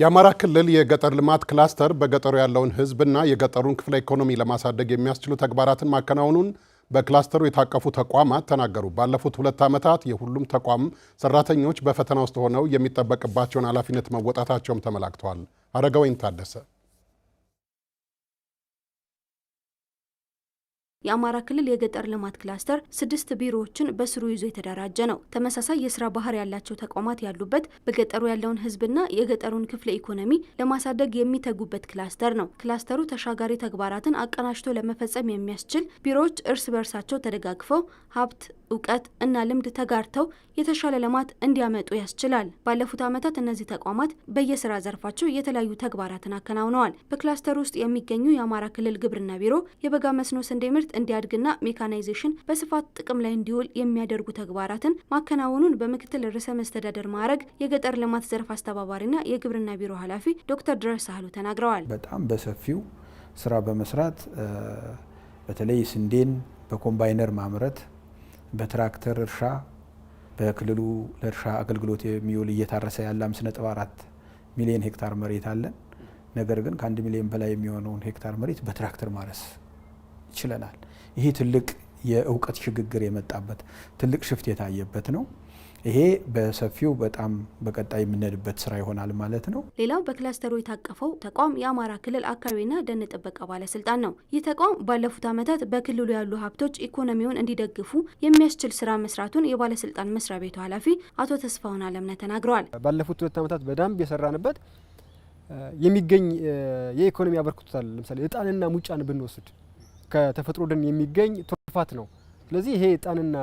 የአማራ ክልል የገጠር ልማት ክላስተር በገጠሩ ያለውን ህዝብና የገጠሩን ክፍለ ኢኮኖሚ ለማሳደግ የሚያስችሉ ተግባራትን ማከናወኑን በክላስተሩ የታቀፉ ተቋማት ተናገሩ። ባለፉት ሁለት ዓመታት የሁሉም ተቋም ሰራተኞች በፈተና ውስጥ ሆነው የሚጠበቅባቸውን ኃላፊነት መወጣታቸውም ተመላክተዋል። አረጋወይን ታደሰ የአማራ ክልል የገጠር ልማት ክላስተር ስድስት ቢሮዎችን በስሩ ይዞ የተደራጀ ነው። ተመሳሳይ የስራ ባህር ያላቸው ተቋማት ያሉበት በገጠሩ ያለውን ህዝብና የገጠሩን ክፍለ ኢኮኖሚ ለማሳደግ የሚተጉበት ክላስተር ነው። ክላስተሩ ተሻጋሪ ተግባራትን አቀናጅቶ ለመፈጸም የሚያስችል ቢሮዎች እርስ በርሳቸው ተደጋግፈው ሀብት እውቀት እና ልምድ ተጋርተው የተሻለ ልማት እንዲያመጡ ያስችላል። ባለፉት ዓመታት እነዚህ ተቋማት በየስራ ዘርፋቸው የተለያዩ ተግባራትን አከናውነዋል። በክላስተር ውስጥ የሚገኙ የአማራ ክልል ግብርና ቢሮ የበጋ መስኖ ስንዴ ምርት እንዲያድግና ሜካናይዜሽን በስፋት ጥቅም ላይ እንዲውል የሚያደርጉ ተግባራትን ማከናወኑን በምክትል ርዕሰ መስተዳደር ማዕረግ የገጠር ልማት ዘርፍ አስተባባሪና የግብርና ቢሮ ኃላፊ ዶክተር ድረስ ሳህሉ ተናግረዋል። በጣም በሰፊው ስራ በመስራት በተለይ ስንዴን በኮምባይነር ማምረት በትራክተር እርሻ በክልሉ ለእርሻ አገልግሎት የሚውል እየታረሰ ያለ አምስት ነጥብ አራት ሚሊዮን ሄክታር መሬት አለን። ነገር ግን ከአንድ ሚሊዮን በላይ የሚሆነውን ሄክታር መሬት በትራክተር ማረስ ይችለናል። ይህ ትልቅ የእውቀት ሽግግር የመጣበት ትልቅ ሽፍት የታየበት ነው። ይሄ በሰፊው በጣም በቀጣይ የምንሄድበት ስራ ይሆናል ማለት ነው። ሌላው በክላስተሩ የታቀፈው ተቋም የአማራ ክልል አካባቢና ደን ጥበቃ ባለስልጣን ነው። ይህ ተቋም ባለፉት ዓመታት በክልሉ ያሉ ሀብቶች ኢኮኖሚውን እንዲደግፉ የሚያስችል ስራ መስራቱን የባለስልጣን መስሪያ ቤቱ ኃላፊ አቶ ተስፋሁን አለምነ ተናግረዋል። ባለፉት ሁለት ዓመታት በደንብ የሰራንበት የሚገኝ የኢኮኖሚ አበርክቶታል። ለምሳሌ እጣንና ሙጫን ብንወስድ ከተፈጥሮ ደን የሚገኝ ትሩፋት ነው። ስለዚህ ይሄ እጣንና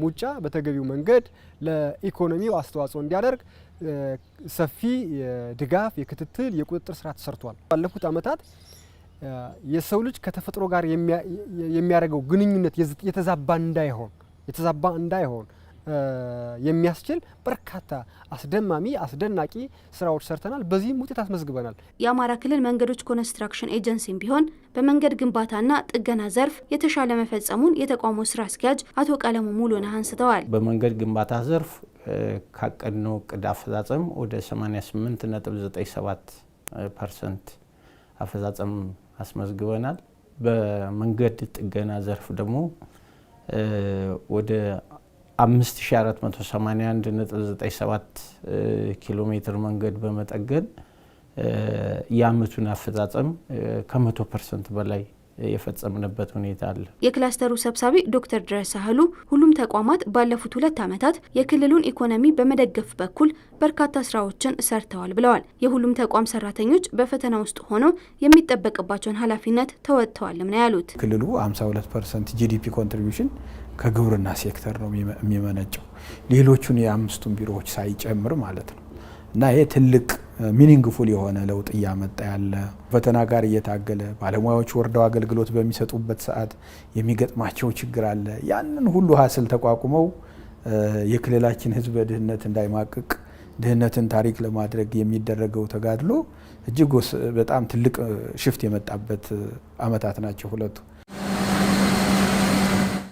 ሙጫ በተገቢው መንገድ ለኢኮኖሚው አስተዋጽኦ እንዲያደርግ ሰፊ የድጋፍ የክትትል፣ የቁጥጥር ስራ ተሰርቷል። ባለፉት ዓመታት የሰው ልጅ ከተፈጥሮ ጋር የሚያደርገው ግንኙነት የተዛባ እንዳይሆን የተዛባ እንዳይሆን የሚያስችል በርካታ አስደማሚ አስደናቂ ስራዎች ሰርተናል። በዚህም ውጤት አስመዝግበናል። የአማራ ክልል መንገዶች ኮንስትራክሽን ኤጀንሲም ቢሆን በመንገድ ግንባታና ጥገና ዘርፍ የተሻለ መፈጸሙን የተቋሙ ስራ አስኪያጅ አቶ ቀለሙ ሙሉነህ አንስተዋል። በመንገድ ግንባታ ዘርፍ ካቀድነው እቅድ አፈጻጸም ወደ 88.97 ፐርሰንት አፈጻጸም አስመዝግበናል። በመንገድ ጥገና ዘርፍ ደግሞ ወደ 5481.97 ኪሎ ሜትር መንገድ በመጠገን የአመቱን አፈጻጸም ከመቶ ፐርሰንት በላይ የፈጸምንበት ሁኔታ አለ። የክላስተሩ ሰብሳቢ ዶክተር ድረስ ሳህሉ ሁሉም ተቋማት ባለፉት ሁለት ዓመታት የክልሉን ኢኮኖሚ በመደገፍ በኩል በርካታ ስራዎችን ሰርተዋል ብለዋል። የሁሉም ተቋም ሰራተኞች በፈተና ውስጥ ሆነው የሚጠበቅባቸውን ኃላፊነት ተወጥተዋልም ነው ያሉት። ክልሉ 52 ፐርሰንት ጂዲፒ ኮንትሪቢሽን ከግብርና ሴክተር ነው የሚመነጨው ሌሎቹን የአምስቱን ቢሮዎች ሳይጨምር ማለት ነው። እና ይሄ ትልቅ ሚኒንግፉል የሆነ ለውጥ እያመጣ ያለ ፈተና ጋር እየታገለ ባለሙያዎች ወርደው አገልግሎት በሚሰጡበት ሰዓት የሚገጥማቸው ችግር አለ። ያንን ሁሉ ሀስል ተቋቁመው የክልላችን ሕዝብ ድህነት እንዳይማቅቅ ድህነትን ታሪክ ለማድረግ የሚደረገው ተጋድሎ እጅግ በጣም ትልቅ ሽፍት የመጣበት አመታት ናቸው ሁለቱ።